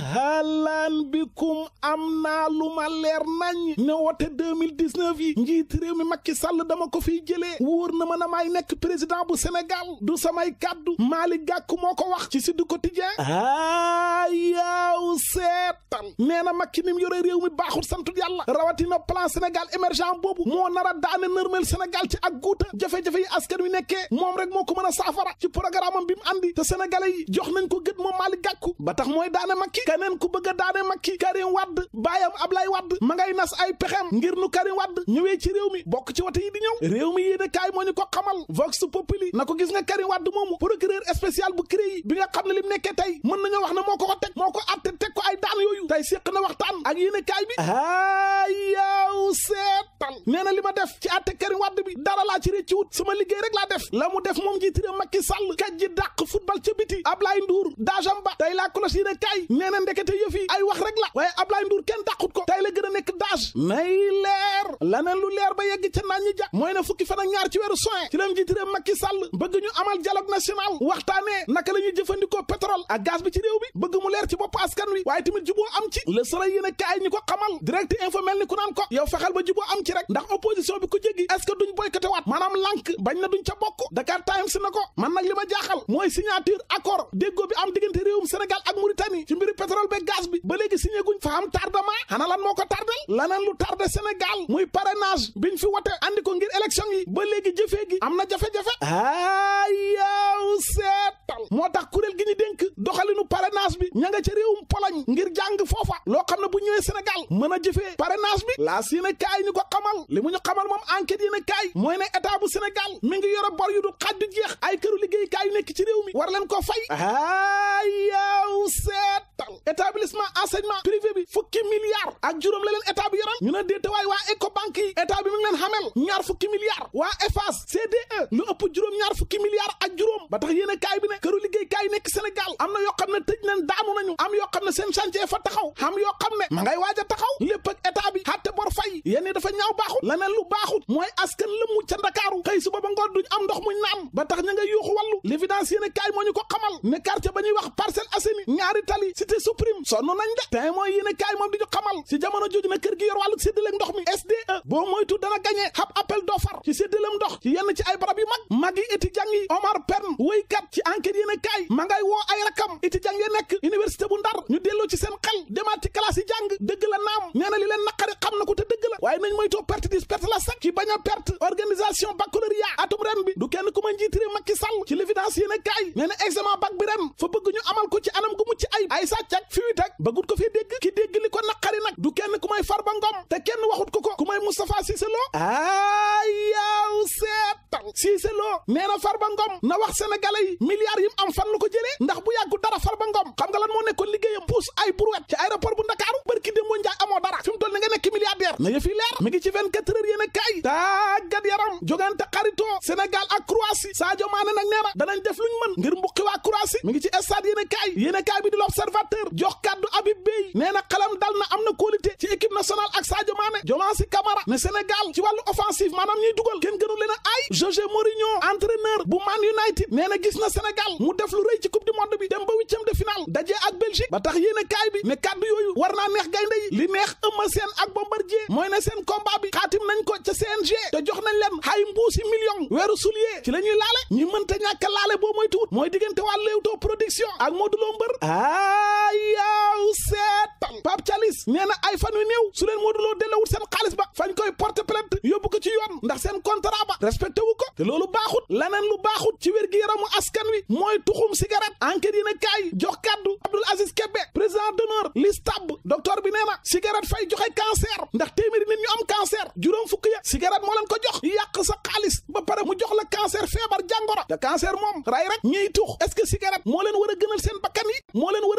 halaan bikum am naa lu ma leer nañ ne wote 2019 yi njiit réew mi Macky Sall dama ko fiy jëlee wóor na ma na maay nekk président bu Sénégal du samay kàddu maali Gakou moo ko wax ci Sud Quotidien aa ah, yaw nee na Macky ni mu yore réew mi baaxul santu yàlla rawatina plan Sénégal émergent boobu moo nar a daane nërmeel Sénégal ci ak guuta jafe-jafe yi askan wi nekkee moom rek moo ko mën a saafara ci programme am bi mu andi te sénégalais yi jox nañ ko gët moom Malick Gakou ba tax mooy daane Macky keneen ku bëgg a daane Macky Karim Wade baayam Ablaye Wade ma ngay nas ay pexem ngir nu Karim Wade ñëwee ci réew mi bokk ci wate yi di ñëw réew mi yéene kaay moo ñu na ko gis nga tey mën nañoo wax ne moo ko ko teg moo yooyu tey séq na waxtaan ak yéen a kaay bi aa yaaw seetal nee def ci àtte Karim Wade bi dara laa ci rëcc wut sama liggéey rek laa def la mu def moom njiit réew Macky Sall kaj ji dàq football ca biti Ablaye Ndour dajamba tey laa kolos yéen a kaay nee na ndekete yëf yi ay wax rek la waaye Ablaye nduur kenn dàqut nay leer laneen lu leer ba yegg ca naan ñi ja mooy ne fukki fan ak ci weeru soin ci leen njiit réew Macky bëgg ñu amal dialogue national waxtaanee naka la jëfandikoo pétrole ak gaz bi ci réew bi bëgg mu leer ci bopp askan wi waaye tamit juboo am ci le soleil yéen a kaay ñi ko xamal direct info mel ni ku naan ko yow fexeel ba juboo am ci rek ndax opposition bi ku jéggi est-ce que duñ boycotté waat maanaam lànk bañ na duñ ca bokk Dakar Times na ko man nag li ma ko tardel laneen lu tardé Sénégal muy parrainage biñ fi wote andi ko ngir élection yi ba léegi jëfee gi am na jafe-jafe aa yow seetal moo tax kuréel gi ñu dénk doxalinu parrainage bi ña nga ca réewum Pologne ngir jàng foofa loo xam ne bu ñëwee Sénégal mën a jëfee parrainage bi laas yéen a kaay ñu ko xamal li mu ñu xamal moom enquête yéen a kaay mooy ne état bu Sénégal mi ngi yore bor yu du xaj du jeex ay këru liggéeykaay yu nekk ci réew mi war leen ko fay aa seet établissement enseignement privé bi fukki milliards a juróom la leen état ñu ne déetewaay waa Ecobank yi état leen xamel ñaar fukki milliards waa EFAS CDE lu ëpp juróom ñaar fukki milliards ak juróom ba tax yéen a kaay bi ne këru liggéey kaay nekk Sénégal am na yoo xam ne tëj nañ daanu nañu am yoo xam ne seen fa taxaw am yoo xam ne ma ngay waaj taxaw lépp ak waay yéen dafa ñaaw baaxut laneen lu baaxut mooy askan la mu ca ndakaaru xëy suba ba ngoon duñ am ndox muñ naan ba tax ña nga yuuxu wàllu l'évidence yéen kaay moo ko xamal ne quartier ba ñuy wax Parcelles Assainies ñaari tali cité suprême sonn nañ de te mooy yéen kaay moom di ñu xamal si jamono jooju ne kër gi yor wàllu séddale ndox mi SDE boo moytu dana gañee ab appel d'offres ci séddalem ndox ci yenn ci ay barab yu mag mag yi étudiant Omar Pène wéykat nañ moytoo perte dis perte la sax ci bañ a perte organisation baccalauréat atum ren bi du kenn ku ma njiit réew Macky ci l'évidence yéen a kaay nee na examen bac bi ren fa bëgg amal ko ci anam gu mucc ay ay sàcc ak bëggut ko fee dégg ki dégg li ko naqari nag du kenn ku may Farba Ngom te kenn waxut ko ko ku may ayaw seetal Cissé Lo nee na Farba Ngom na wax sénégalais yi milliards yi mu am fan lu ko jëlee ndax bu yàggu dara Farba Ngom xam nga lan moo nekkoon liggéeyam puus ay brouette ci aéroport bu Ndakaaru leer na yëf yi leer mi ngi ci 24 heures yéen a kaay tàggat yaram jogante xaritoo Sénégal ak Croatie Sadio Mané nag nee na danañ def luñ mën ngir mbuqi waa Croatie mi ngi ci stade yéen a kaay yéen a kaay bi di l'observateur jox kaddu Habib Beye nee na xalam dal na am na qualité ci équipe nationale ak Sadio Mané Diomansy Kamara ne Sénégal ci wàllu offensive maanaam ñuy dugal kenn gënu leen a ay José Mourinho entraîneur bu Man United nee gis na Sénégal mu def lu rëy ci coupe du monde bi dem ba huitième a kaay bi Eumeu Sène ak Bombardier mooy ne seen combat bi xaatim nañ ko ca CNG te jox nañ leen ay mbuusi million weeru soulier ci la ñuy laale ñi mënta ñàkk laale boo mooy tuut mooy diggante waa Leewtoo production ak Modou Lo mbër aa ah, yaw seetal Pape Thialis ay fan yu néew su leen Modou Lo dellawut seen xaalis ba fañ koy porter plainte yóbbu ko ci yoon ndax seen contrat ba respecté ko te loolu baaxut leneen lu baaxut ci wér-gi-yaramu askan wi mooy tuxum cigarette enquête yi ko jox yàq sa xaalis ba pare mu jox la cancer feebar jàngoro te cancer moom ray rek ñiy tux est-ce moo leen war a gënal seen bakkan yi moo leen war